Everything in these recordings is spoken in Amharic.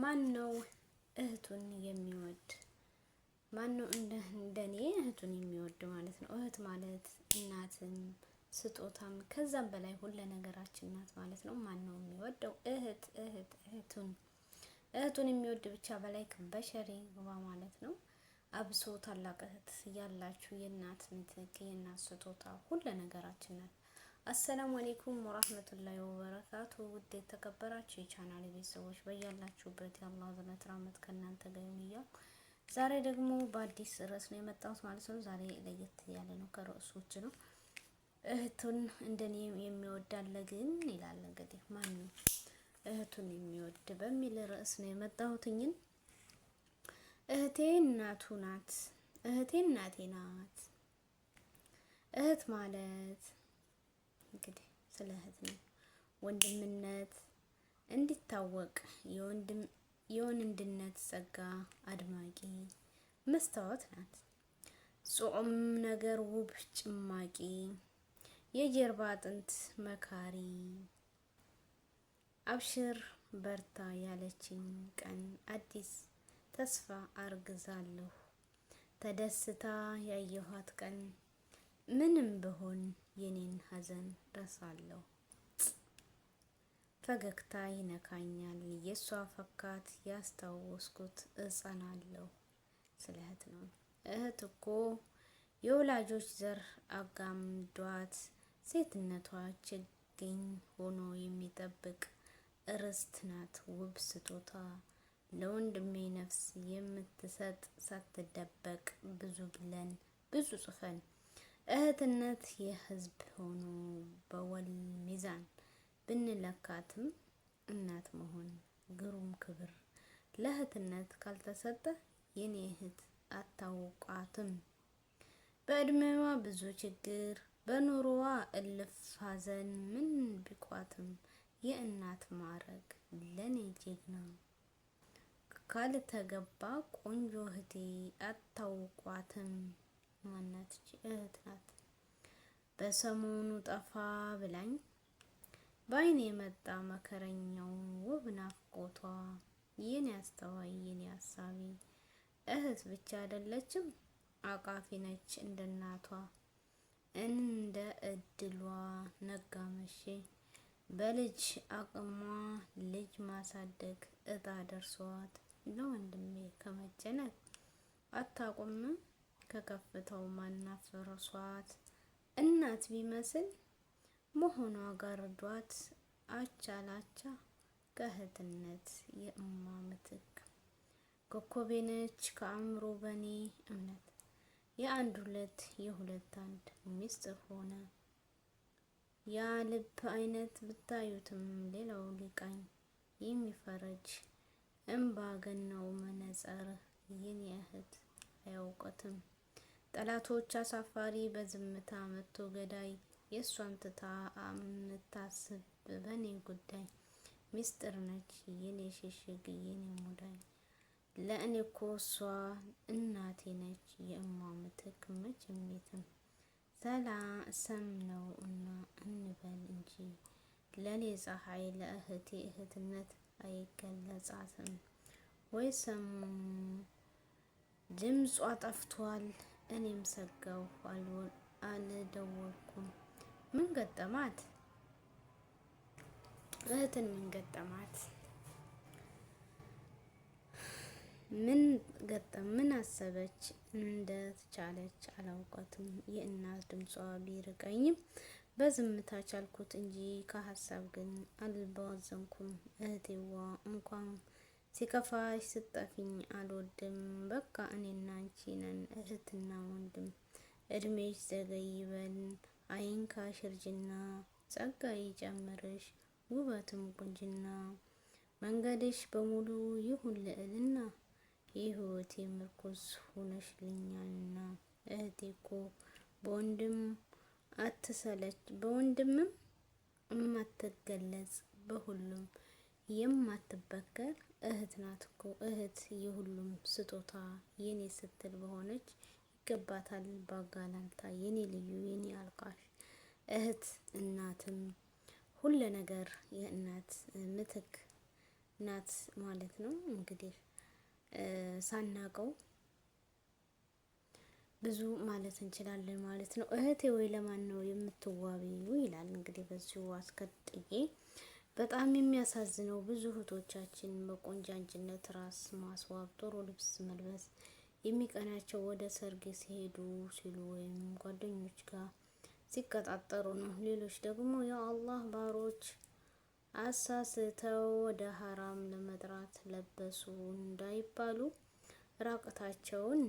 ማን ነው እህቱን የሚወድ? ማን ነው እንደኔ እህቱን የሚወድ ማለት ነው። እህት ማለት እናትም ስጦታም ከዛም በላይ ሁለ ነገራችን ናት ማለት ነው። ማን ነው የሚወደው? እህት እህት እህቱን እህቱን የሚወድ ብቻ በላይ በሸሪ ግባ ማለት ነው። አብሶ ታላቅ እህት ያላችሁ የእናት ምትክ የእናት ስጦታ ሁለ ነገራችን ናት። አሰላሙ አሌይኩም ወራህመቱላሂ ወበረካቱ። ውድ የተከበራችሁ የቻናል ቤተሰቦች በያላችሁበት የአላህ እዝነት ራመት ከእናንተ ጋር ይሁን እያልኩ ዛሬ ደግሞ በአዲስ ርዕስ ነው የመጣሁት ማለት ነው። ዛሬ ለየት ያለ ነው ከርዕሶች ነው። እህቱን እንደኔ የሚወዳለ ግን ይላል እንግዲህ ማን ነው እህቱን የሚወድ በሚል ርዕስ ነው የመጣሁትኝን እህቴ እናቱ ናት። እህቴ እናቴ ናት። እህት ማለት እንግዲህ ስለ እህት ነው። ወንድምነት እንዲታወቅ የወንድነት ጸጋ አድማቂ መስታወት ናት። ጾም ነገር ውብ ጭማቂ የጀርባ አጥንት መካሪ አብሽር በርታ ያለችኝ ቀን አዲስ ተስፋ አርግዛለሁ ተደስታ ያየኋት ቀን ምንም ብሆን የኔን ሀዘን ረሳለሁ። ፈገግታ ይነካኛል፣ የእሷ ፈካት ያስታወስኩት እጸናለሁ። ስለ እህት ነው። እህት እኮ የወላጆች ዘር አጋምዷት ሴትነቷ ችግኝ ሆኖ የሚጠብቅ ርስት ናት፣ ውብ ስጦታ ለወንድሜ ነፍስ የምትሰጥ ሳትደበቅ ብዙ ብለን ብዙ ጽፈን እህትነት የህዝብ ሆኖ በወል ሚዛን ብንለካትም እናት መሆን ግሩም ክብር ለእህትነት ካልተሰጠ የኔ እህት አታውቋትም። በእድሜዋ ብዙ ችግር በኑሮዋ እልፍ ሐዘን ምን ቢቋትም የእናት ማረግ ለኔ ጀግና ካልተገባ ቆንጆ እህቴ አታውቋትም። ማናት እህት ናት። በሰሞኑ ጠፋ ብላኝ በአይን የመጣ መከረኛው ውብ ናፍቆቷ ይህን ያስተዋይ ይህን ያሳቢ እህት ብቻ አይደለችም አቃፊ ነች እንደ እናቷ እንደ እድሏ ነጋ መሼ በልጅ አቅሟ ልጅ ማሳደግ እጣ ደርሷት ለወንድሜ ከመጨነቅ አታቁምም። ከከፍታው ማናፈርሷት እናት ቢመስል መሆኗ ጋር ዷት አቻ ላቻ ከእህትነት የእማ ምትክ ኮከቤ ነች ከአእምሮ በኔ እምነት የአንድ ሁለት የሁለት አንድ ሚስጥር ሆነ ያ ልብ አይነት ብታዩትም ሌላው ሊቃኝ የሚፈረጅ እምባ ገናው መነጸር ይህን የእህት አያውቀትም። ጠላቶች አሳፋሪ በዝምታ መጥቶ ገዳይ የእሷን ትታ የምታስብ በእኔ ጉዳይ ሚስጥር ነች የኔ ሽሽግ የኔ ሙዳይ ለእኔ እኮ እሷ እናቴ ነች የእማ ምትክ መቼም የትም ሰም ነው እና እንበል እንጂ ለእኔ ፀሐይ ለእህቴ እህትነት አይገለጻትም ወይ ሰሙ ድምጿ ጠፍቷል። እኔም ሰጋሁ፣ አልደወልኩም። ምን ገጠማት? እህትን ምን ገጠማት? ምን ገጠም ምን አሰበች? እንደተቻለች አላውቀትም። የእናት ድምጿ ቢርቀኝም በዝምታ ቻልኩት እንጂ ከሀሳብ ግን አልባዘንኩም። እህቴዋ እንኳን ሲከፋሽ ስጠፊኝ አልወድም። በቃ እኔና አንቺ ነን እህትና ወንድም። እድሜሽ ይበል አይንካሽ እርጅና፣ ጸጋ ይጨምርሽ ውበትም ቁንጅና። መንገድሽ በሙሉ ይሁን ልዕልና፣ የህይወቴ ምርኩዝ ሆነሽልኛልና። እህቴ እኮ በወንድም አትሰለች በወንድምም የማትገለጽ በሁሉም የማትበከር እህት ናት እኮ እህት የሁሉም ስጦታ የኔ ስትል በሆነች ይገባታል ባጋላልታ የኔ ልዩ የኔ አልቃሽ እህት እናትም ሁለ ነገር የእናት ምትክ ናት ማለት ነው። እንግዲህ ሳናቀው ብዙ ማለት እንችላለን ማለት ነው። እህቴ ወይ ለማን ነው የምትዋቢው? ይላል እንግዲህ በዚሁ አስከጥዬ በጣም የሚያሳዝነው ብዙ እህቶቻችን በቆንጃንጅነት ራስ ማስዋብ፣ ጥሩ ልብስ መልበስ የሚቀናቸው ወደ ሰርግ ሲሄዱ ሲሉ ወይም ጓደኞች ጋር ሲቀጣጠሩ ነው። ሌሎች ደግሞ የአላህ ባሮች አሳስተው ወደ ሀራም ለመጥራት ለበሱ እንዳይባሉ ራቅታቸውን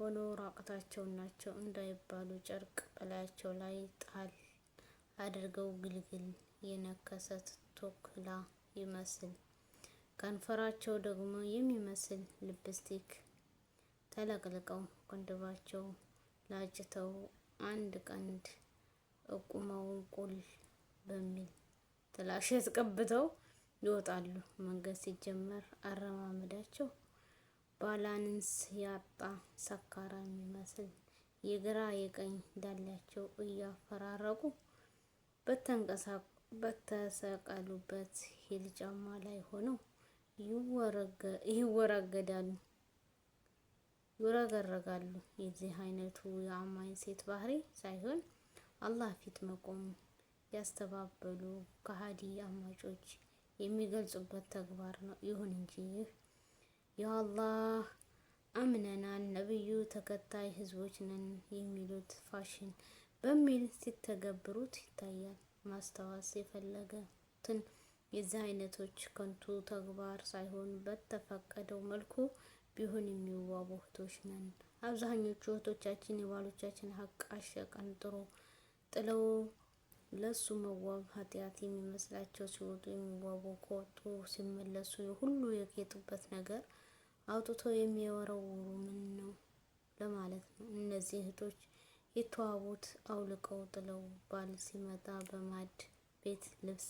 ሆኖ ራቅታቸውን ናቸው እንዳይባሉ ጨርቅ በላያቸው ላይ ጣል አድርገው ግልግል የነከሰት ቶክላ ይመስል ከንፈራቸው ደግሞ የሚመስል ልብስቲክ ተለቅልቀው ቅንድባቸው ላጭተው አንድ ቀንድ እቁመው ቁል በሚል ጥላሸት ቀብተው ይወጣሉ። መንገድ ሲጀመር አረማመዳቸው ባላንስ ያጣ ሰካራ የሚመስል። የግራ የቀኝ ዳላቸው እያፈራረቁ በተንቀሳቀሱ በተሰቀሉበት ሂል ጫማ ላይ ሆነው ይወረገዳሉ፣ ይወረገረጋሉ። የዚህ አይነቱ የአማኝ ሴት ባህሪ ሳይሆን አላህ ፊት መቆም ያስተባበሉ ከሀዲ አማጮች የሚገልጹበት ተግባር ነው። ይሁን እንጂ ይህ የአላህ ነብዩ ተከታይ ህዝቦች ነን የሚሉት ፋሽን በሚል ሲተገብሩት ይታያል። ማስታወስ የፈለገትን የዚህ አይነቶች ከንቱ ተግባር ሳይሆን በተፈቀደው መልኩ ቢሆን የሚዋቡ እህቶች ነን። አብዛኞቹ እህቶቻችን የባሎቻችን ሀቅ አሸቀንጥሮ ጥለው ለሱ መዋብ ኃጢአት የሚመስላቸው ሲወጡ የሚዋቡ ከወጡ ሲመለሱ ሁሉ የጌጡበት ነገር አውጥተው የሚወረውሩ ምን ነው ለማለት ነው። እነዚህ እህቶች የተዋቡት አውልቀው ጥለው ባል ሲመጣ በማድ ቤት ልብስ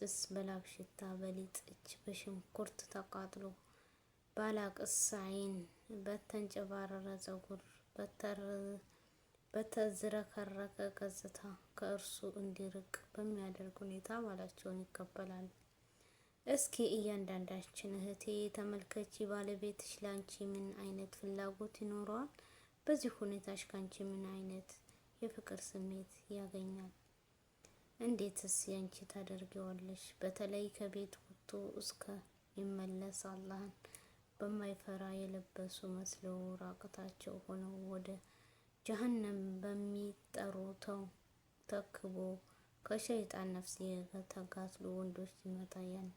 ብስ በላብ ሽታ በሊጥ እጅ በሽንኩርት ተቃጥሎ ባላቅስ አይን በተንጨባረረ ጸጉር በተዝረከረከ ገጽታ ከእርሱ እንዲርቅ በሚያደርግ ሁኔታ ማላቸውን ይቀበላል። እስኪ እያንዳንዳችን እህቴ ተመልከቺ፣ ባለቤትሽ ላንቺ ምን አይነት ፍላጎት ይኖረዋል? በዚህ ሁኔታሽ ካንቺ ምን አይነት የፍቅር ስሜት ያገኛል? እንዴትስ ያንቺ ታደርጊዋለሽ? በተለይ ከቤት ወጥቶ እስከ ይመለስ አላህን በማይፈራ የለበሱ መስለው ራቅታቸው ሆነው ወደ ጀሀነም በሚጠሩተው ተክቦ ከሸይጣን ነፍስ የተጋትሉ ወንዶች ሲመጣ ያን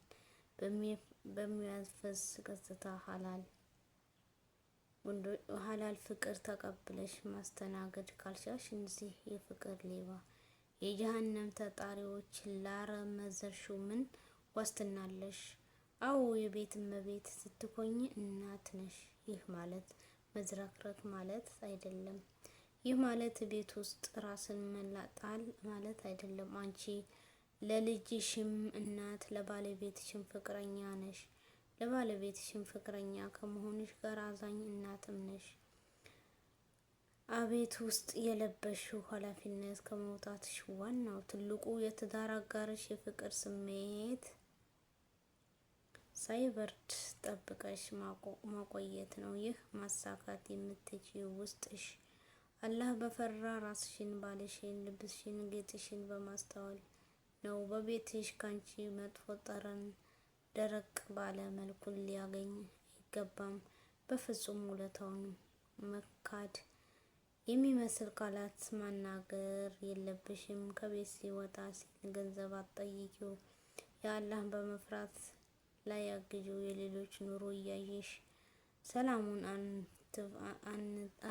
በሚያስፈስ ገጽታ ሀላል ሀላል ፍቅር ተቀብለሽ ማስተናገድ ካልቻልሽ እንዚህ የፍቅር ሌባ የጀሀነም ተጣሪዎች ላረመዘርሽው ምን ዋስትናለሽ? አለሽ? አዎ የቤት እመቤት ስትኮኝ እናት ነሽ። ይህ ማለት መዝረክረክ ማለት አይደለም። ይህ ማለት ቤት ውስጥ ራስን መላጣል ማለት አይደለም። አንቺ ለልጅሽም እናት ለባለቤትሽም ፍቅረኛ ነሽ። ለባለቤትሽም ፍቅረኛ ከመሆንሽ ጋር አዛኝ እናትም ነሽ። አቤት ውስጥ የለበሽው ኃላፊነት ከመውጣትሽ ዋናው ትልቁ የትዳር አጋርሽ የፍቅር ስሜት ሳይበርድ ጠብቀሽ ማቆየት ነው። ይህ ማሳካት የምትችይው ውስጥሽ አላህ በፈራ ራስሽን፣ ባልሽን፣ ልብስሽን፣ ጌጥሽን በማስተዋል ነው። በቤትሽ ካንቺ መጥፎ ጠረን ደረቅ ባለ መልኩ ሊያገኝ አይገባም። በፍጹም ውለታውን መካድ የሚመስል ቃላት ማናገር የለብሽም። ከቤት ሲወጣ ሲል ገንዘብ አትጠይቂው። የአላህን በመፍራት ላይ አግዢው። የሌሎች ኑሮ እያየሽ ሰላሙን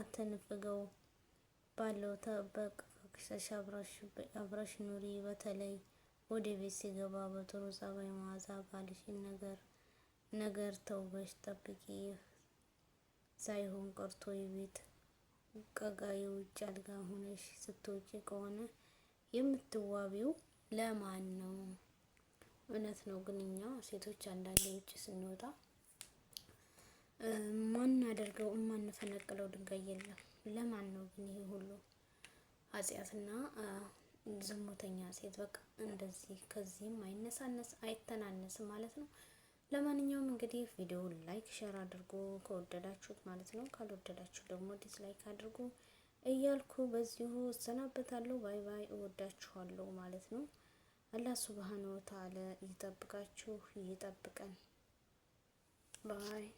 አትንፍገው። ባለው ተበቅ ተበቅፈሽ አብረሽ ኑሪ። በተለይ ወደ ቤት ሲገባ በጥሩ ጸባይ መዓዛ ባልሽን ነገር ነገር ተውበሽ ጠብቂ ሳይሆን ቀርቶ የቤት ቀጋ የውጭ አልጋ ሆነሽ ስትወጪ ከሆነ የምትዋቢው ለማን ነው? እውነት ነው። ግን እኛ ሴቶች አንዳንዴ ውጭ ስንወጣ ማናደርገው የማንፈነቅለው ድንጋይ የለም። ለማን ነው ግን ይሄ ሁሉ ኃጢአትና ዝሙተኛ ሴት በቃ እንደዚህ ከዚህም አይነሳነስ አይተናነስ ማለት ነው። ለማንኛውም እንግዲህ ቪዲዮ ላይክ ሼር አድርጎ ከወደዳችሁት ማለት ነው፣ ካልወደዳችሁ ደግሞ ዲስላይክ አድርጉ እያልኩ በዚሁ እሰናበታለሁ። ባይ ባይ፣ እወዳችኋለሁ ማለት ነው። አላህ ሱብሃነ ወተዓላ ይጠብቃችሁ፣ ይጠብቀን። ባይ